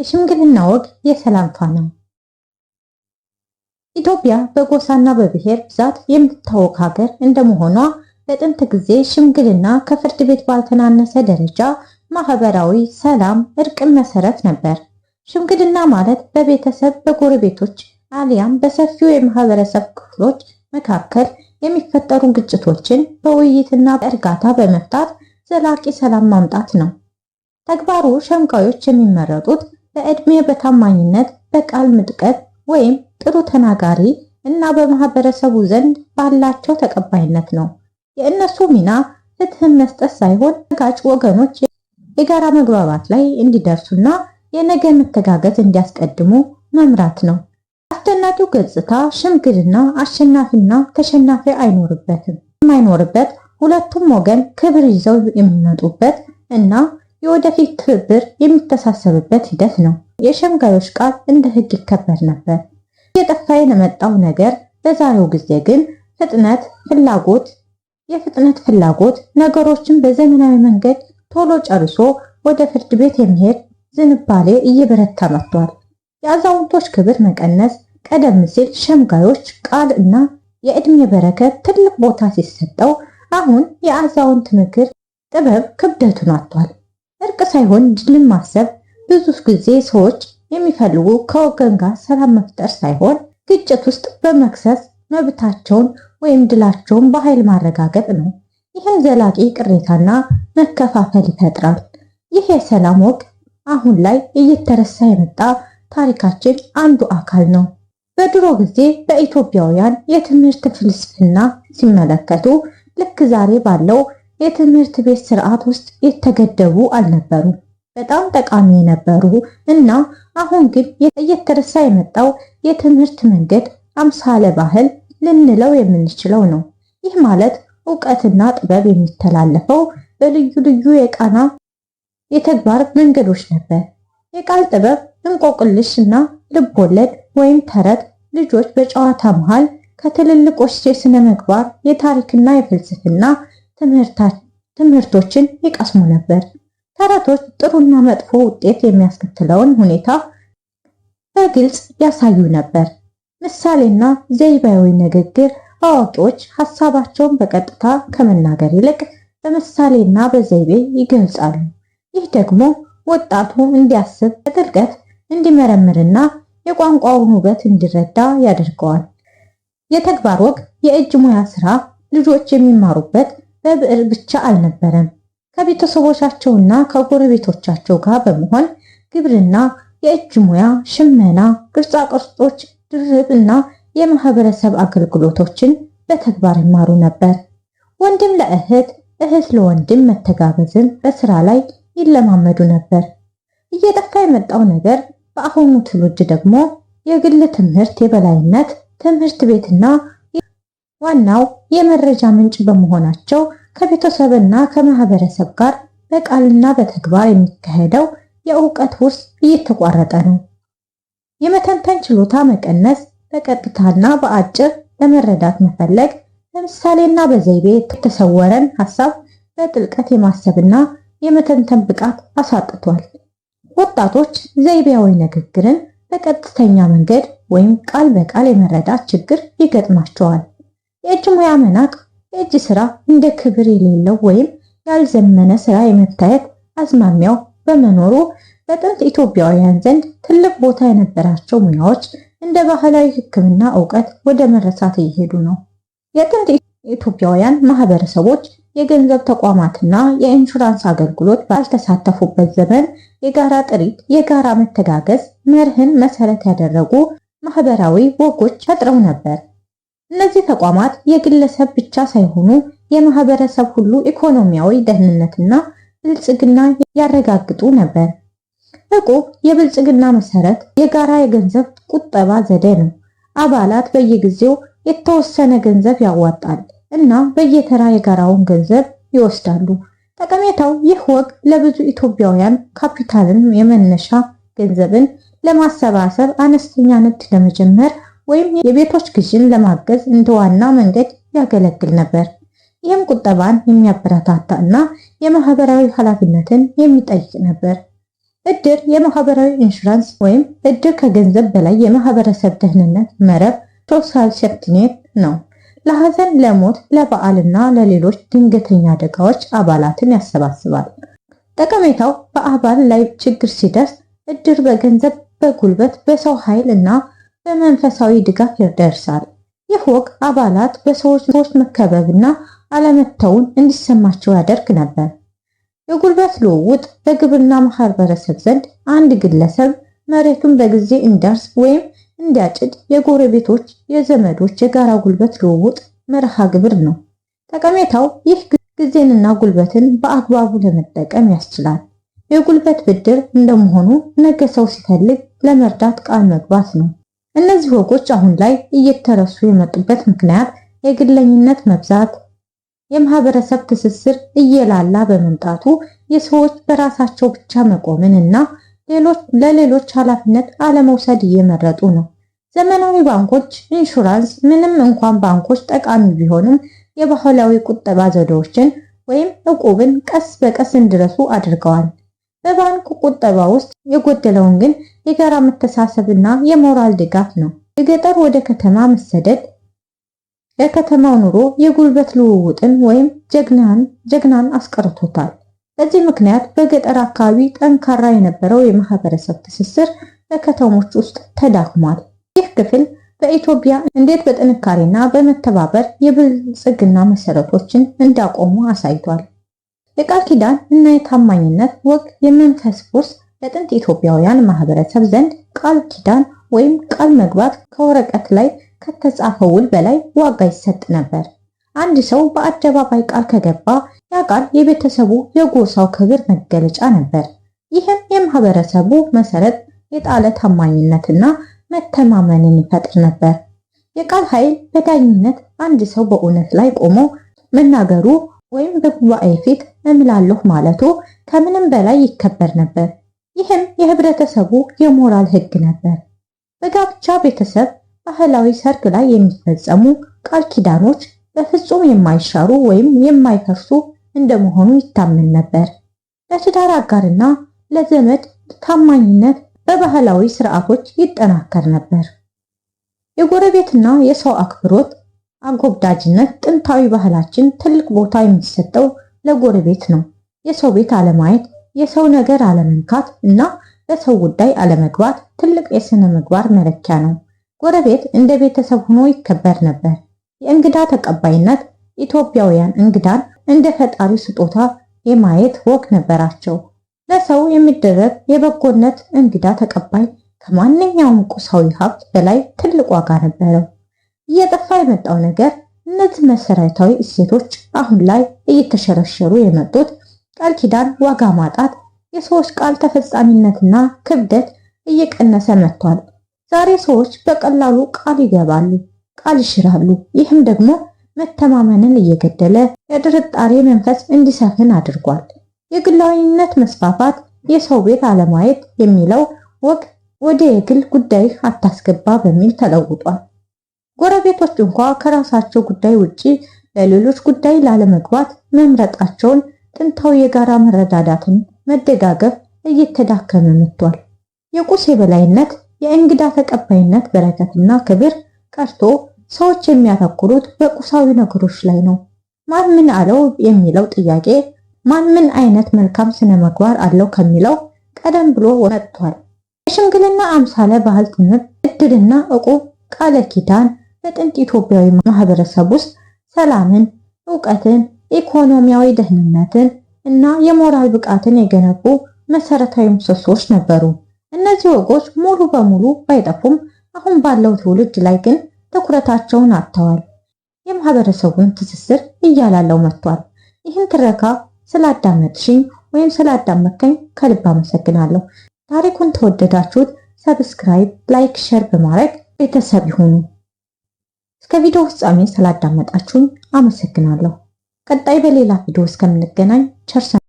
የሽምግልና ወግ የሰላምታ ነው። ኢትዮጵያ በጎሳና በብሔር ብዛት የምትታወቅ ሀገር እንደመሆኗ በጥንት ጊዜ ሽምግልና ከፍርድ ቤት ባልተናነሰ ደረጃ ማህበራዊ ሰላም፣ እርቅን መሰረት ነበር። ሽምግልና ማለት በቤተሰብ በጎረቤቶች አሊያም በሰፊው የማህበረሰብ ክፍሎች መካከል የሚፈጠሩ ግጭቶችን በውይይትና በእርጋታ በመፍታት ዘላቂ ሰላም ማምጣት ነው። ተግባሩ ሸምጋዮች የሚመረጡት በእድሜ በታማኝነት በቃል ምጥቀት ወይም ጥሩ ተናጋሪ እና በማህበረሰቡ ዘንድ ባላቸው ተቀባይነት ነው። የእነሱ ሚና ፍትህን መስጠት ሳይሆን ጋጭ ወገኖች የጋራ መግባባት ላይ እንዲደርሱና የነገ መተጋገዝ እንዲያስቀድሙ መምራት ነው። አስደናቂው ገጽታ ሽምግልና አሸናፊና ተሸናፊ አይኖርበትም የማይኖርበት ሁለቱም ወገን ክብር ይዘው የሚመጡበት እና የወደፊት ትብብር የሚተሳሰብበት ሂደት ነው። የሸምጋዮች ቃል እንደ ሕግ ይከበር ነበር። እየጠፋ የመጣው ነገር በዛሬው ጊዜ ግን ፍጥነት ፍላጎት የፍጥነት ፍላጎት ነገሮችን በዘመናዊ መንገድ ቶሎ ጨርሶ ወደ ፍርድ ቤት የሚሄድ ዝንባሌ እየበረታ መጥቷል። የአዛውንቶች ክብር መቀነስ፣ ቀደም ሲል ሸምጋዮች ቃል እና የእድሜ በረከት ትልቅ ቦታ ሲሰጠው፣ አሁን የአዛውንት ምክር ጥበብ ክብደቱን አጥቷል። እርቅ ሳይሆን ድልን ማሰብ ብዙ ጊዜ ሰዎች የሚፈልጉ ከወገን ጋር ሰላም መፍጠር ሳይሆን ግጭት ውስጥ በመክሰስ መብታቸውን ወይም ድላቸውን በኃይል ማረጋገጥ ነው። ይሄ ዘላቂ ቅሬታና መከፋፈል ይፈጥራል። ይህ የሰላም ወግ አሁን ላይ እየተረሳ የመጣ ታሪካችን አንዱ አካል ነው። በድሮ ጊዜ በኢትዮጵያውያን የትምህርት ፍልስፍና ሲመለከቱ ልክ ዛሬ ባለው የትምህርት ቤት ስርዓት ውስጥ የተገደቡ አልነበሩም። በጣም ጠቃሚ የነበሩ እና አሁን ግን እየተረሳ የመጣው የትምህርት መንገድ አምሳለ ባህል ልንለው የምንችለው ነው። ይህ ማለት እውቀትና ጥበብ የሚተላለፈው በልዩ ልዩ የቃና የተግባር መንገዶች ነበር። የቃል ጥበብ እንቆቅልሽ እና ልቦለድ ወይም ተረት ልጆች በጨዋታ መሃል ከትልልቆች የስነ ምግባር የታሪክና የፍልስፍና ትምህርቶችን ይቀስሙ ነበር። ተረቶች ጥሩና መጥፎ ውጤት የሚያስከትለውን ሁኔታ በግልጽ ያሳዩ ነበር። ምሳሌና ዘይቤያዊ ንግግር አዋቂዎች ሀሳባቸውን በቀጥታ ከመናገር ይልቅ በምሳሌና በዘይቤ ይገልጻሉ። ይህ ደግሞ ወጣቱ እንዲያስብ በጥልቀት እንዲመረምርና የቋንቋውን ውበት እንዲረዳ ያደርገዋል። የተግባር ወግ የእጅ ሙያ ስራ ልጆች የሚማሩበት በብዕር ብቻ አልነበረም። ከቤተሰቦቻቸውና ከጎረቤቶቻቸው ጋር በመሆን ግብርና፣ የእጅ ሙያ፣ ሽመና፣ ቅርጻ ቅርጾች፣ ድርብ እና የማህበረሰብ አገልግሎቶችን በተግባር ይማሩ ነበር። ወንድም ለእህት፣ እህት ለወንድም መተጋገዝን በስራ ላይ ይለማመዱ ነበር። እየጠፋ የመጣው ነገር በአሁኑ ትውልድ ደግሞ የግል ትምህርት የበላይነት፣ ትምህርት ቤትና ዋናው የመረጃ ምንጭ በመሆናቸው ከቤተሰብና ከማህበረሰብ ጋር በቃልና በተግባር የሚካሄደው የእውቀት ውርስ እየተቋረጠ ነው። የመተንተን ችሎታ መቀነስ፣ በቀጥታና በአጭር ለመረዳት መፈለግ፣ በምሳሌና በዘይቤ የተሰወረን ሀሳብ በጥልቀት የማሰብና የመተንተን ብቃት አሳጥቷል። ወጣቶች ዘይቤያዊ ንግግርን በቀጥተኛ መንገድ ወይም ቃል በቃል የመረዳት ችግር ይገጥማቸዋል። የእጅ ሙያ መናቅ የእጅ ስራ እንደ ክብር የሌለው ወይም ያልዘመነ ስራ የመታየት አዝማሚያው በመኖሩ በጥንት ኢትዮጵያውያን ዘንድ ትልቅ ቦታ የነበራቸው ሙያዎች እንደ ባህላዊ ሕክምና እውቀት ወደ መረሳት እየሄዱ ነው። የጥንት ኢትዮጵያውያን ማህበረሰቦች የገንዘብ ተቋማትና የኢንሹራንስ አገልግሎት ባልተሳተፉበት ዘመን የጋራ ጥሪት፣ የጋራ መተጋገዝ መርህን መሰረት ያደረጉ ማህበራዊ ወጎች ፈጥረው ነበር። እነዚህ ተቋማት የግለሰብ ብቻ ሳይሆኑ የማህበረሰብ ሁሉ ኢኮኖሚያዊ ደህንነትና ብልጽግና ያረጋግጡ ነበር። እቁብ የብልጽግና መሰረት የጋራ የገንዘብ ቁጠባ ዘዴ ነው። አባላት በየጊዜው የተወሰነ ገንዘብ ያዋጣል እና በየተራ የጋራውን ገንዘብ ይወስዳሉ። ጠቀሜታው ይህ ወግ ለብዙ ኢትዮጵያውያን ካፒታልን የመነሻ ገንዘብን ለማሰባሰብ አነስተኛ ንግድ ለመጀመር ወይም የቤቶች ግዥን ለማገዝ እንደ ዋና መንገድ ያገለግል ነበር። ይህም ቁጠባን የሚያበረታታ እና የማህበራዊ ኃላፊነትን የሚጠይቅ ነበር። እድር የማህበራዊ ኢንሹራንስ ወይም እድር ከገንዘብ በላይ የማህበረሰብ ደህንነት መረብ ሶሻል ሴፍቲኔት ነው። ለሐዘን፣ ለሞት፣ ለበዓል እና ለሌሎች ድንገተኛ አደጋዎች አባላትን ያሰባስባል። ጠቀሜታው በአባል ላይ ችግር ሲደርስ እድር በገንዘብ፣ በጉልበት፣ በሰው ኃይል እና በመንፈሳዊ ድጋፍ ይደርሳል። ይህ ወግ አባላት በሰዎች መከበብና አለመተውን እንዲሰማቸው ያደርግ ነበር። የጉልበት ልውውጥ በግብርና ማህበረሰብ ዘንድ አንድ ግለሰብ መሬቱን በጊዜ እንዲያርስ ወይም እንዲያጭድ የጎረቤቶች፣ የዘመዶች የጋራ ጉልበት ልውውጥ መርሃ ግብር ነው። ጠቀሜታው ይህ ጊዜንና ጉልበትን በአግባቡ ለመጠቀም ያስችላል። የጉልበት ብድር እንደመሆኑ ነገ ሰው ሲፈልግ ለመርዳት ቃል መግባት ነው። እነዚህ ወጎች አሁን ላይ እየተረሱ የመጡበት ምክንያት የግለኝነት መብዛት፣ የማህበረሰብ ትስስር እየላላ በመምጣቱ የሰዎች በራሳቸው ብቻ መቆምን እና ለሌሎች ኃላፊነት አለመውሰድ እየመረጡ ነው። ዘመናዊ ባንኮች ኢንሹራንስ፣ ምንም እንኳን ባንኮች ጠቃሚ ቢሆኑም የባህላዊ ቁጠባ ዘዴዎችን ወይም ዕቁብን ቀስ በቀስ እንዲረሱ አድርገዋል። በባንክ ቁጠባ ውስጥ የጎደለውን ግን የጋራ መተሳሰብና የሞራል ድጋፍ ነው። የገጠር ወደ ከተማ መሰደድ የከተማው ኑሮ የጉልበት ልውውጥን ወይም ጀግናን ጀግናን አስቀርቶታል። በዚህ ምክንያት በገጠር አካባቢ ጠንካራ የነበረው የማህበረሰብ ትስስር በከተሞች ውስጥ ተዳክሟል። ይህ ክፍል በኢትዮጵያ እንዴት በጥንካሬና በመተባበር የብልጽግና መሰረቶችን እንዳቆሙ አሳይቷል። የቃል ኪዳን እና የታማኝነት ወግ የመንፈስ ቁርስ በጥንት ኢትዮጵያውያን ማህበረሰብ ዘንድ ቃል ኪዳን ወይም ቃል መግባት ከወረቀት ላይ ከተጻፈ ውል በላይ ዋጋ ይሰጥ ነበር። አንድ ሰው በአደባባይ ቃል ከገባ ያ ቃል የቤተሰቡ የጎሳው ክብር መገለጫ ነበር። ይህም የማህበረሰቡ መሰረት የጣለ ታማኝነትና መተማመንን ይፈጥር ነበር። የቃል ኃይል በዳኝነት አንድ ሰው በእውነት ላይ ቆሞ መናገሩ ወይም በጉባኤ ፊት እምላለሁ ማለቱ ከምንም በላይ ይከበር ነበር። ይህም የህብረተሰቡ የሞራል ህግ ነበር። በጋብቻ ቤተሰብ ባህላዊ ሰርግ ላይ የሚፈጸሙ ቃል ኪዳኖች በፍጹም የማይሻሩ ወይም የማይፈርሱ እንደመሆኑ ይታመን ነበር። ለትዳር አጋርና ለዘመድ ታማኝነት በባህላዊ ስርዓቶች ይጠናከር ነበር። የጎረቤትና የሰው አክብሮት አጎብዳጅነት ጥንታዊ ባህላችን ትልቅ ቦታ የሚሰጠው ለጎረቤት ነው። የሰው ቤት አለማየት የሰው ነገር አለመንካት እና በሰው ጉዳይ አለመግባት ትልቅ የስነ ምግባር መለኪያ ነው። ጎረቤት እንደ ቤተሰብ ሆኖ ይከበር ነበር። የእንግዳ ተቀባይነት ኢትዮጵያውያን እንግዳን እንደ ፈጣሪ ስጦታ የማየት ወግ ነበራቸው። ለሰው የሚደረግ የበጎነት እንግዳ ተቀባይ ከማንኛውም ቁሳዊ ሀብት በላይ ትልቅ ዋጋ ነበረው። እየጠፋ የመጣው ነገር እነዚህ መሰረታዊ እሴቶች አሁን ላይ እየተሸረሸሩ የመጡት ቃል ኪዳን ዋጋ ማጣት፣ የሰዎች ቃል ተፈጻሚነትና ክብደት እየቀነሰ መጥቷል። ዛሬ ሰዎች በቀላሉ ቃል ይገባሉ፣ ቃል ይሽራሉ። ይህም ደግሞ መተማመንን እየገደለ የጥርጣሬ መንፈስ እንዲሰፍን አድርጓል። የግላዊነት መስፋፋት የሰው ቤት አለማየት የሚለው ወግ ወደ የግል ጉዳይ አታስገባ በሚል ተለውጧል። ጎረቤቶች እንኳ ከራሳቸው ጉዳይ ውጪ ለሌሎች ጉዳይ ላለመግባት መምረጣቸውን ጥንታዊ የጋራ መረዳዳትን መደጋገፍ እየተዳከመ መጥቷል። የቁስ የበላይነት፣ የእንግዳ ተቀባይነት በረከትና ክብር ቀርቶ ሰዎች የሚያተኩሩት በቁሳዊ ነገሮች ላይ ነው። ማን ምን አለው የሚለው ጥያቄ ማን ምን አይነት መልካም ስነ ምግባር አለው ከሚለው ቀደም ብሎ ወጥቷል። የሽምግልና አምሳለ ባህል ትምህርት፣ እድልና እቁብ፣ ቃለ ኪዳን በጥንት ኢትዮጵያዊ ማህበረሰብ ውስጥ ሰላምን፣ እውቀትን ኢኮኖሚያዊ ደህንነትን እና የሞራል ብቃትን የገነቡ መሰረታዊ ምሰሶች ነበሩ። እነዚህ ወጎች ሙሉ በሙሉ ባይጠፉም አሁን ባለው ትውልድ ላይ ግን ትኩረታቸውን አጥተዋል። የማህበረሰቡን ትስስር እያላለው መጥቷል። ይህን ትረካ ስላዳመጥሽኝ ወይም ስላዳመከኝ ከልብ አመሰግናለሁ። ታሪኩን ተወደዳችሁት፣ ሰብስክራይብ፣ ላይክ፣ ሸር በማድረግ ቤተሰብ ይሁኑ። እስከ ቪዲዮ ፍጻሜ ስላዳመጣችሁኝ አመሰግናለሁ። ቀጣይ በሌላ ቪዲዮ እስከምንገናኝ ቸርሰን